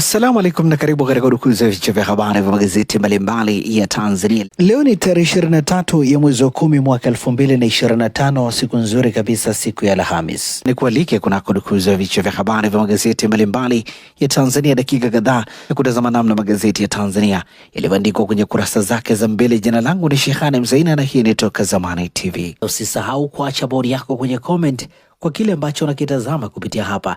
Assalamu alaikum na karibu katika udukuzi ya vichwa vya habari vya magazeti mbalimbali ya Tanzania. Leo ni tarehe 23 ya mwezi wa kumi mwaka 2025, siku nzuri kabisa, siku ya Alhamis. Ni kualike kunako udukuzi ya vichwa vya habari vya magazeti mbalimbali ya Tanzania, dakika kadhaa ya kutazama namna magazeti ya Tanzania yalivyoandikwa kwenye kurasa zake za mbele. Jina langu ni Shehane Mzaina na hii ni Toka Zamani TV. Usisahau kuacha bodi yako kwenye comment kwa kile ambacho unakitazama kupitia hapa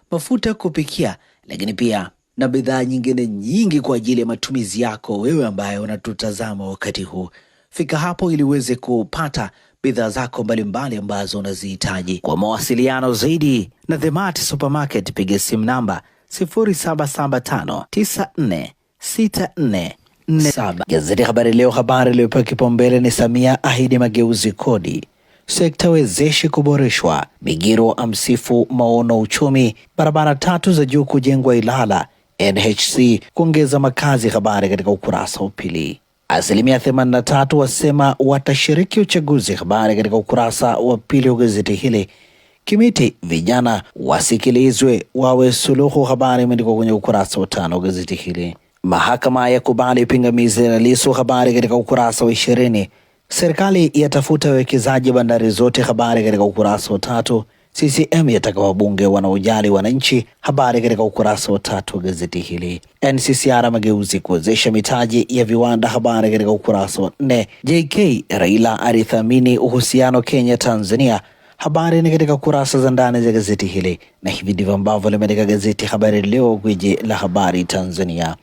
mafuta kupikia, lakini pia na bidhaa nyingine nyingi kwa ajili ya matumizi yako wewe ambaye unatutazama wakati huu. Fika hapo ili uweze kupata bidhaa zako mbalimbali ambazo unazihitaji. Kwa mawasiliano zaidi na The Mart Supermarket, piga simu namba 0775946447. Gazeti Habari Leo, habari iliyopewa kipaumbele ni Samia ahidi mageuzi kodi sekta wezeshi kuboreshwa. Migiro amsifu maono uchumi. Barabara tatu za juu kujengwa Ilala. NHC kuongeza makazi. Habari katika ukurasa wa pili. Asilimia 83 wasema watashiriki uchaguzi. Habari katika ukurasa wa pili wa gazeti hili. Kimiti, vijana wasikilizwe wawe suluhu. Habari imeandikwa kwenye ukurasa wa tano wa gazeti hili. Mahakama ya kubali pingamizi la Lissu. Habari katika ukurasa wa ishirini. Serikali yatafuta wawekezaji bandari zote, habari katika ukurasa wa tatu. CCM yataka wabunge wanaojali wananchi, habari katika ukurasa wa tatu wa gazeti hili. NCCR Mageuzi kuwezesha mitaji ya viwanda, habari katika ukurasa wa nne. JK Raila alithamini uhusiano Kenya Tanzania, habari ni katika kurasa za ndani za gazeti hili, na hivi ndivyo ambavyo limeandika gazeti Habari Leo, gwiji la habari Tanzania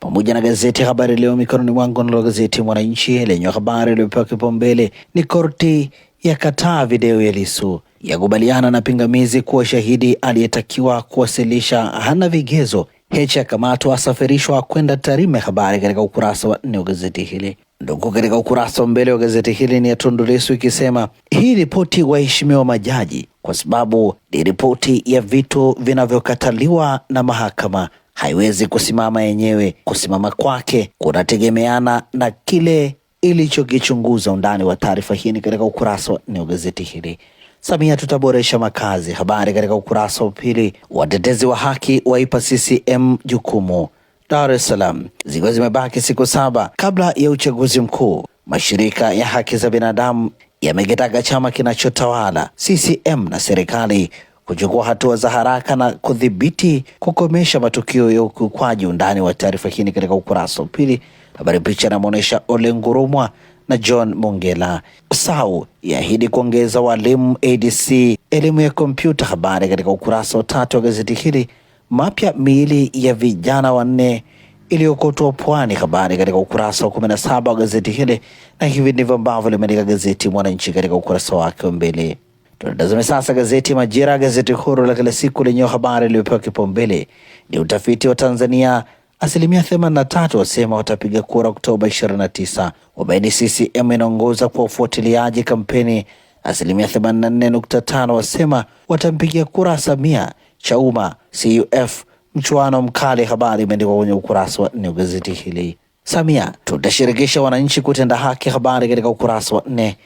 pamoja na gazeti ya Habari Leo mikononi mwangu. Nalo gazeti Mwananchi lenye habari iliyopewa kipaumbele ni korti ya kataa video ya Lissu yakubaliana na pingamizi kuwa shahidi aliyetakiwa kuwasilisha hana vigezo. Heche akamatwa asafirishwa kwenda Tarime. Habari katika ukurasa wa nne wa gazeti hili. Ndugu, katika ukurasa wa mbele wa gazeti hili ni ya Tundu Lissu ikisema hii ripoti waheshimiwa majaji, kwa sababu ni ripoti ya vitu vinavyokataliwa na mahakama haiwezi kusimama yenyewe. Kusimama kwake kunategemeana na kile ilichokichunguza. Undani wa taarifa hii ni katika ukurasa wa nne wa gazeti hili. Samia tutaboresha makazi, habari katika ukurasa wa pili. Watetezi wa haki waipa CCM jukumu. Dar es Salaam zikiwa zimebaki siku saba kabla ya uchaguzi mkuu, mashirika ya haki za binadamu yamekitaka chama kinachotawala CCM na serikali kuchukua hatua za haraka na kudhibiti kukomesha matukio ya ukiukwaji. Undani wa taarifa hii katika ukurasa wa pili. Habari picha inamwonyesha Ole Ngurumwa na John Mongela. SAU yaahidi kuongeza walimu ADC elimu ya kompyuta. Habari katika ukurasa wa tatu wa gazeti hili. Mapya miili ya vijana wanne iliyokotwa pwani. Habari katika ukurasa wa kumi na saba wa gazeti hili, na hivi ndivyo ambavyo limeandika gazeti Mwananchi katika ukurasa wake wa mbele. Tunatazame sasa gazeti Majira, gazeti huru la kila siku lenye habari iliyopewa kipaumbele ni utafiti wa Tanzania, asilimia 83 wasema watapiga kura Oktoba 29, wabaini CCM inaongoza kwa ufuatiliaji kampeni, asilimia 84.5 wasema watampigia kura Samia. Chauma CUF mchuano mkali, habari imeandikwa kwenye ukurasa wa nne wa gazeti hili. Samia tutashirikisha wananchi kutenda haki, habari katika ukurasa wa nne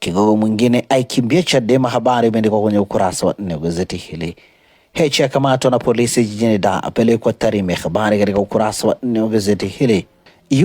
Kigogo mwingine aikimbia Chadema, habari imeandikwa kwenye ukurasa wa nne wa gazeti hili. Heche akamatwa na polisi jijini Dar, apelekwa Tarime, habari katika ukurasa wa nne wa gazeti hili.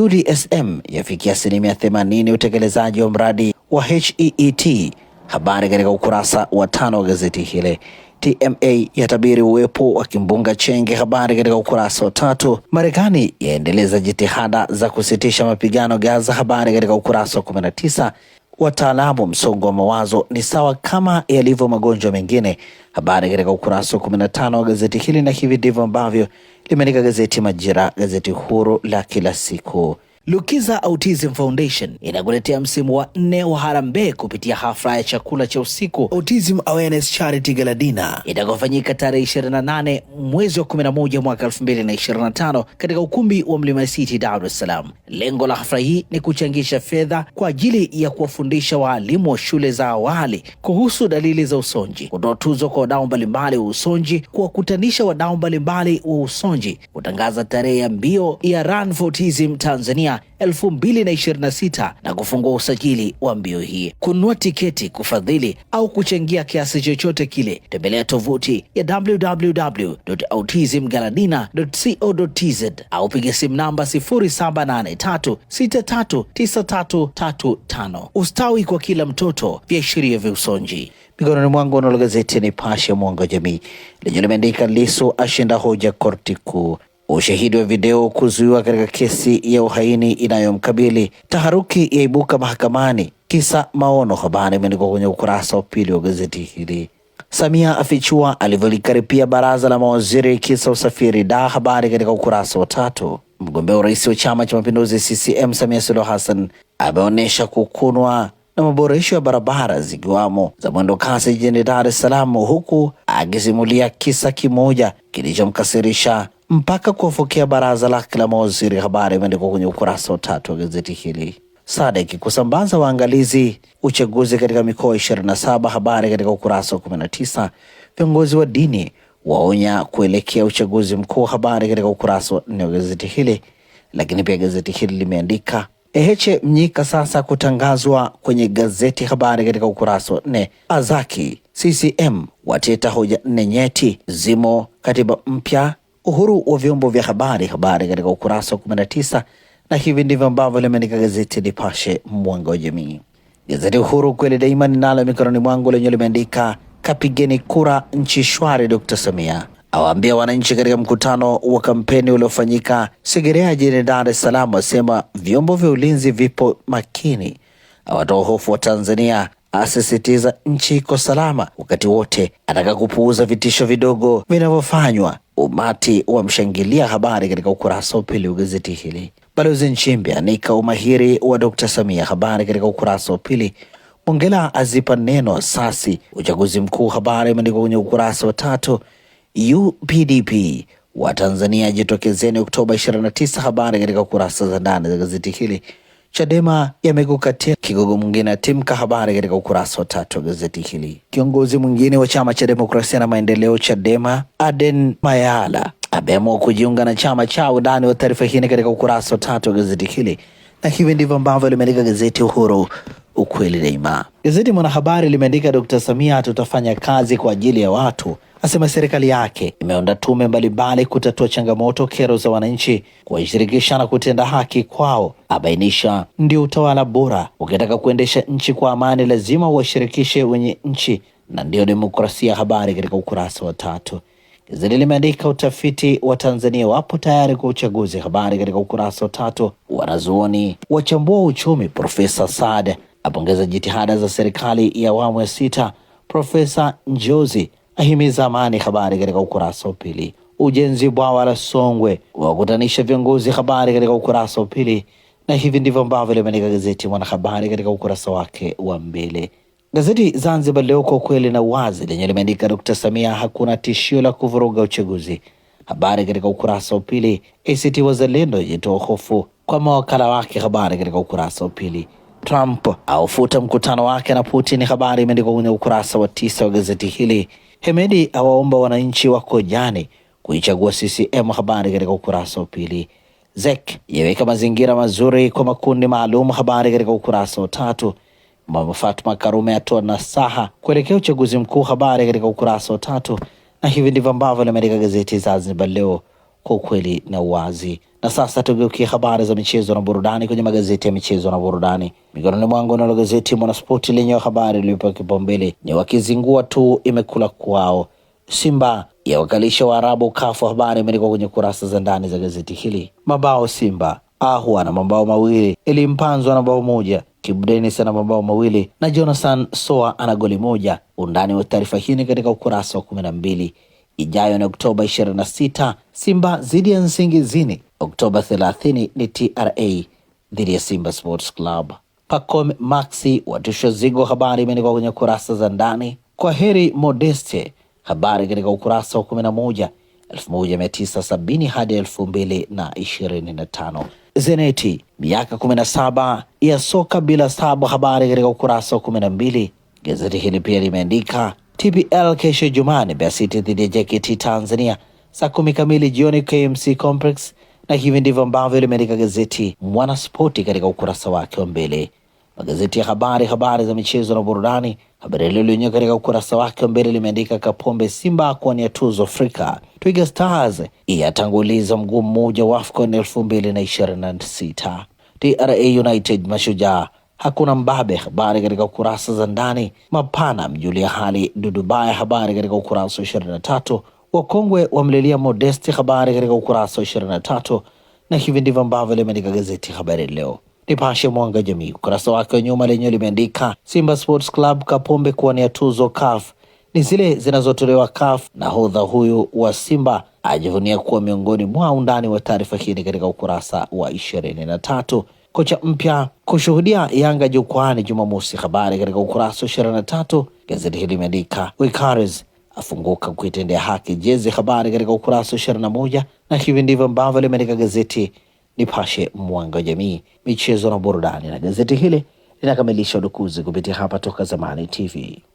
UDSM yafikia asilimia themanini utekelezaji wa mradi wa HEET, habari katika ukurasa wa tano wa gazeti hili. TMA yatabiri uwepo wa kimbunga Chenge, habari katika ukurasa wa tatu. Marekani yaendeleza jitihada za kusitisha mapigano Gaza, habari katika ukurasa wa 19 wataalamu, msongo wa mawazo ni sawa kama yalivyo magonjwa mengine. Habari katika ukurasa wa 15 wa gazeti hili, na hivi ndivyo ambavyo limeandika gazeti Majira, gazeti huru la kila siku. Lukiza Autism Foundation inakuletea msimu wa nne wa harambee kupitia hafla ya chakula cha usiku Autism Awareness Charity galadina itakofanyika itakayofanyika tarehe 28 mwezi wa 11 mwaka 2025 katika ukumbi wa Mlima City, Dar es Salaam. Lengo la hafla hii ni kuchangisha fedha kwa ajili ya kuwafundisha waalimu wa shule za awali kuhusu dalili za usonji, kutoa tuzo kwa wadau mbalimbali wa usonji, kuwakutanisha wadau mbalimbali wa usonji, kutangaza tarehe ya mbio ya Run for Autism Tanzania 2026 na kufungua usajili wa mbio hii. Kununua tiketi, kufadhili au kuchangia kiasi chochote kile, tembelea tovuti ya www.autismgaladina.co.tz au piga simu namba 0783639335. Ustawi kwa kila mtoto, viashiria vya usonji mikononi mwangu. Unalo gazeti Nipashe, mwanga wa jamii, lenye limeandika Lissu ashinda hoja korti kuu. Ushahidi wa video kuzuiwa katika kesi ya uhaini inayomkabili. Taharuki yaibuka mahakamani, kisa maono. Habari imeandikwa kwenye ukurasa wa pili wa gazeti hili. Samia afichua alivyolikaripia baraza la mawaziri kisa usafiri da. Habari katika ukurasa wa tatu. Mgombea urais wa chama cha mapinduzi CCM Samia Suluhu Hassan ameonyesha kukunwa na maboresho ya barabara zikiwamo za mwendo kasi jijini Dar es Salaam, huku akisimulia kisa kimoja kilichomkasirisha mpaka kuwafokea baraza lake la mawaziri. Habari imeandikwa kwenye ukurasa wa tatu wa gazeti hili. Sadek kusambaza waangalizi uchaguzi katika mikoa saba. Habari katika ukurasa wa tisa. Viongozi wa dini waonya kuelekea uchaguzi mkuu. Habari katika ukurasa wa nne wa gazeti hili. Lakini pia gazeti hili limeandika Eheche Mnyika sasa kutangazwa kwenye gazeti habari katika ukurasa wa nne. Azaki CCM wateta hoja nne nyeti zimo katiba mpya uhuru wa vyombo vya habari, habari katika ukurasa wa 19. Na hivi ndivyo ambavyo limeandika gazeti Nipashe mwanga wa jamii. Gazeti Uhuru kweli daima ninalo mikononi mwangu, lenye limeandika kapigeni kura nchi shwari, Dr. Samia awaambia wananchi katika mkutano wa kampeni uliofanyika Segerea jijini Dar es Salaam, asema vyombo vya ulinzi vipo makini, awatoa hofu wa Tanzania, asisitiza nchi iko salama wakati wote, ataka kupuuza vitisho vidogo vinavyofanywa Umati wamshangilia, habari katika ukurasa wa pili wa gazeti hili. Balozi Nchimbi anika umahiri wa Dkt. Samia, habari katika ukurasa wa pili. Mongela azipa neno asasi uchaguzi mkuu, habari imeandikwa kwenye ukurasa wa tatu. UPDP wa Tanzania jitokezeni Oktoba 29, habari katika kurasa za ndani za gazeti hili. Chadema yamegukatia kigogo mwingine atimka. Habari katika ukurasa wa tatu wa gazeti hili. Kiongozi mwingine wa chama cha demokrasia na maendeleo Chadema, Aden Mayala ameamua kujiunga na chama chao. udani wa taarifa hii katika ukurasa wa tatu wa gazeti hili, na hivi ndivyo ambavyo limeandika gazeti Uhuru ukweli daima. Gazeti Mwanahabari limeandika Dr. Samia, tutafanya kazi kwa ajili ya watu asema serikali yake imeunda tume mbalimbali kutatua changamoto kero za wananchi, kuwashirikisha na kutenda haki kwao. Abainisha ndio utawala bora. Ukitaka kuendesha nchi kwa amani, lazima uwashirikishe wenye nchi, na ndiyo demokrasia ya habari. Katika ukurasa wa tatu gazeti limeandika utafiti wa Tanzania wapo tayari kwa uchaguzi. Habari katika ukurasa wa tatu. Wanazuoni wachambua uchumi. Profesa Saad apongeza jitihada za serikali ya awamu ya sita. Profesa Njozi ahimiza amani. Habari katika ukurasa wa pili. Ujenzi bwawa la Songwe wakutanisha viongozi, habari katika ukurasa wa pili. Na hivi ndivyo ambavyo limeandika gazeti Mwanahabari katika ukurasa wake wa mbele. Gazeti Zanzibar Leo, kwa ukweli na uwazi, lenye limeandika Dkt. Samia hakuna tishio la kuvuruga uchaguzi, habari katika ukurasa wa pili. ACT Wazalendo yajitoa hofu kwa mawakala wake, habari katika ukurasa wa pili. Trump aufuta mkutano wake na Putin, habari imeandikwa kwenye ukurasa wa tisa wa gazeti hili. Hemedi awaomba wananchi wa Konyani kuichagua CCM. Habari katika ukurasa wa pili. ZEK yaweka mazingira mazuri kwa makundi maalum. Habari katika ukurasa wa tatu. Mama Fatma Karume atoa nasaha kuelekea uchaguzi mkuu. Habari katika ukurasa wa tatu, na hivi ndivyo ambavyo limeandika gazeti Zanzibar Leo kwa ukweli na uwazi. Na sasa tugeukie habari za michezo na burudani kwenye magazeti ya michezo na burudani. Mikononi mwangu nalo gazeti Mwanaspoti lenye habari iliyopewa kipaumbele ni wakizingua tu imekula kwao, Simba ya wakalisha Waarabu kafu. Habari imeandikwa kwenye kurasa za ndani za gazeti hili. Mabao Simba ahwa na mabao mawili, ilimpanzwa na bao moja Kibu ana mabao mawili na Jonathan Soa ana goli moja. Undani wa taarifa hii ni katika ukurasa wa kumi na mbili ijayo ni Oktoba 26 Simba dhidi ya Nsingizini. Oktoba 30 ni TRA dhidi ya Simba Sports Club. Pacome Maxi watisho zigo, habari imeandikwa kwenye kurasa za ndani. Kwa heri Modeste, habari katika ukurasa wa 11 1970 hadi 2025. Zeneti miaka 17 ya soka bila saba, habari katika ukurasa wa 12. Gazeti hili pia limeandika TPL kesho Ijumaa ni Mbeya City dhidi ya JKT Tanzania saa kumi kamili jioni KMC Complex, na hivi ndivyo ambavyo limeandika gazeti Mwanaspoti katika ukurasa wake wa mbele. Magazeti ya habari, habari za michezo na burudani, Habari Leo lenyewe katika ukurasa wake wa mbele limeandika Kapombe Simba kuwania tuzo Afrika, Twiga Stars iyatanguliza mguu mmoja wa AFCON elfu mbili na ishirini na sita, TRA United Mashujaa hakuna mbabe. Habari katika ukurasa za ndani mapana, mjulia hali Dudubaya. Habari katika ukurasa wa ishirini tatu. wakongwe wamlilia Modesti. Habari katika ukurasa wa ishirini na tatu na hivi ndivyo ambavyo limeandika gazeti Habari Leo. Nipashe Mwanga Jamii ukurasa wake wa nyuma lenyewe limeandika Simba Sports Club Kapombe kuwania tuzo CAF ni zile zinazotolewa CAF. Nahodha huyu wa Simba ajivunia kuwa miongoni mwa undani wa taarifa hii katika ukurasa wa ishirini na tatu kocha mpya kushuhudia Yanga jukwani Jumamosi. Habari katika ukurasa wa ishirini na tatu gazeti hili limeandika Wikares afunguka kuitendea haki jezi. Habari katika ukurasa wa ishirini na moja na hivi ndivyo ambavyo limeandika gazeti Nipashe mwanga wa jamii, michezo na burudani, na gazeti hili linakamilisha udukuzi kupitia hapa Toka Zamani TV.